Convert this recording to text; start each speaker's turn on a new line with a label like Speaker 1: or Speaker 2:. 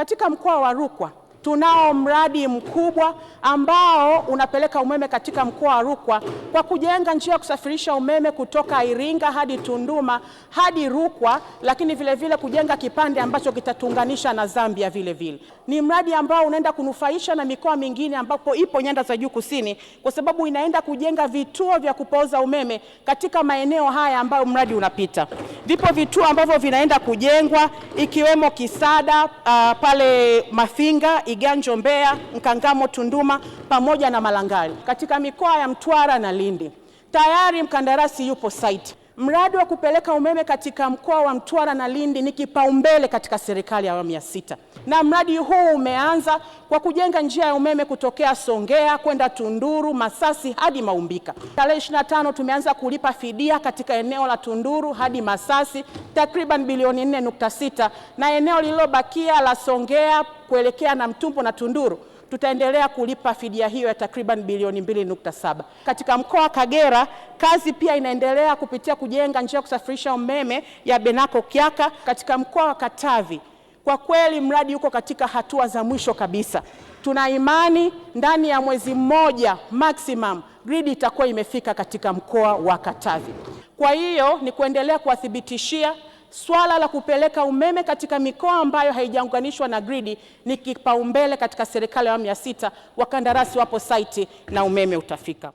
Speaker 1: Katika mkoa wa Rukwa tunao mradi mkubwa ambao unapeleka umeme katika mkoa wa Rukwa kwa kujenga njia ya kusafirisha umeme kutoka Iringa hadi Tunduma hadi Rukwa, lakini vile vile kujenga kipande ambacho kitatuunganisha na Zambia. Vile vile ni mradi ambao unaenda kunufaisha na mikoa mingine ambapo ipo nyanda za juu kusini, kwa sababu inaenda kujenga vituo vya kupoza umeme katika maeneo haya ambayo mradi unapita. Vipo vituo ambavyo vinaenda kujengwa ikiwemo Kisada uh, pale Mafinga, Iganjo Mbeya, Mkangamo Tunduma, pamoja na Malangali katika mikoa ya Mtwara na Lindi. Tayari mkandarasi yupo site. Mradi wa kupeleka umeme katika mkoa wa Mtwara na Lindi ni kipaumbele katika serikali ya awamu ya sita, na mradi huu umeanza kwa kujenga njia ya umeme kutokea Songea kwenda Tunduru, Masasi hadi Maumbika. Tarehe 25 tumeanza kulipa fidia katika eneo la Tunduru hadi Masasi takriban bilioni 4.6 na eneo lililobakia la Songea kuelekea na Mtumbo na Tunduru tutaendelea kulipa fidia hiyo ya takriban bilioni 2.7. Katika mkoa wa Kagera, kazi pia inaendelea kupitia kujenga njia ya kusafirisha umeme ya Benako Kyaka. Katika mkoa wa Katavi, kwa kweli mradi uko katika hatua za mwisho kabisa. Tuna imani ndani ya mwezi mmoja maximum gridi itakuwa imefika katika mkoa wa Katavi. Kwa hiyo ni kuendelea kuwathibitishia swala la kupeleka umeme katika mikoa ambayo haijaunganishwa na gridi ni kipaumbele katika serikali ya awamu ya sita. Wakandarasi wapo saiti na umeme utafika.